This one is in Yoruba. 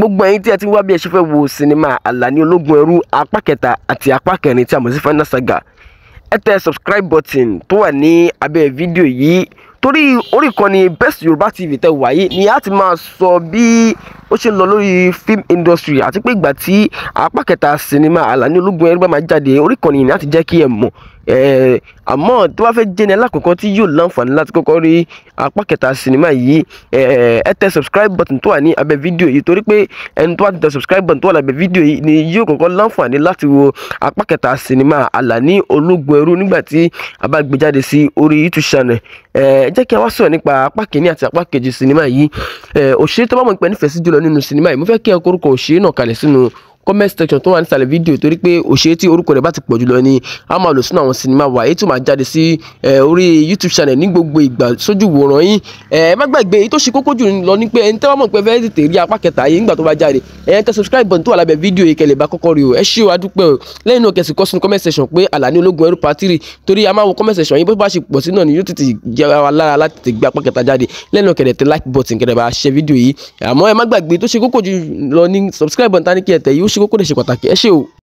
gbogbo ẹ̀yin tí ẹ ti wá bí ẹ ṣe fẹ́ wo sinimá Àlàní Ológun Ẹrú apá kẹta àti apá kẹrin tí a mọ̀ sí Final Saga ẹ tẹ subscribe button tó wà ní abẹ́ fídíò yìí torí orí ìkànnì Best Yorùbá TV tẹ wáyé ni a ti máa sọ bí ó ṣe ń lọ lórí film industry àti pé ìgbà tí apá kẹta sinimá Àlàní Olúbùn Ẹ̀rígbà máa jáde orí kan nìyẹn láti jẹ́ kí ẹ mọ̀ àmọ́ tó bá fẹ́ jẹ́ ní alákọ̀ọ́kọ́ tí yóò láǹfààní láti kọ́kọ́ rí apá kẹta sinimá yìí ẹ tẹ subscribe button tó wà ní abẹ́ fídíò yìí torí pé ẹni tó wà ti tẹ subscribe button tó wà lábẹ́ fídíò yìí ni yóò kọ́kọ́ láǹfààní láti wo apá kẹta sinimá Àlàní Olúbùn Ẹ̀rú nígbà tí a bá gbé jáde sí orí YouTube channel ẹ jẹ́ kí a wá sọ̀rọ̀ nípa apá kìíní àti apá kejì sinimá yìí òṣèré tó bá mọ̀ nípa nífẹ̀ẹ́ sí jùlọ nínú sinimá yìí mo fẹ́ kí ẹ korúkọ òṣèré náà kalẹ̀ sínú comment section tó wà nísàlẹ̀ fídíò torí pé òṣèré tí orúkọ rẹ̀ bá ti pọ̀ jùlọ ni a máa lò sínú àwọn sinimá wa èyí tó máa jáde sí orí youtube channel ní gbogbo ìgbà sójú wòran yín ẹ má gbàgbé èyí tó ṣe kókó jù lọ ni pé ẹni tẹ́ wá mọ̀ pé fẹ́ẹ́ tètè rí apá kẹta yìí nígbà tó bá jáde ẹ̀yẹn tẹ subscribe button tó wà lábẹ́ fídíò yìí kẹlẹ̀ bá kọ́kọ́ rí o ẹ ṣé o adúpẹ́ o lẹ́yìn náà kẹsì kọ́ sínú comment section pé Àlàní Ológun Ẹrú part torí a máa wo comment section yìí bó bá ṣe pọ̀ sí náà ni yóò tètè jẹ́ wa lára láti tètè gbé apá kẹta jáde lẹ́yìn náà kẹ̀dẹ̀ like button kẹ̀dẹ̀ bá ṣe fídíò yìí àmọ́ ẹ má gbàgbé tó ṣe kókó jù lọ ní subscribe button tá ní kí ẹ tẹ̀ yóò ṣe kókó dẹ̀ ṣe pàtàkì ẹ ṣé o.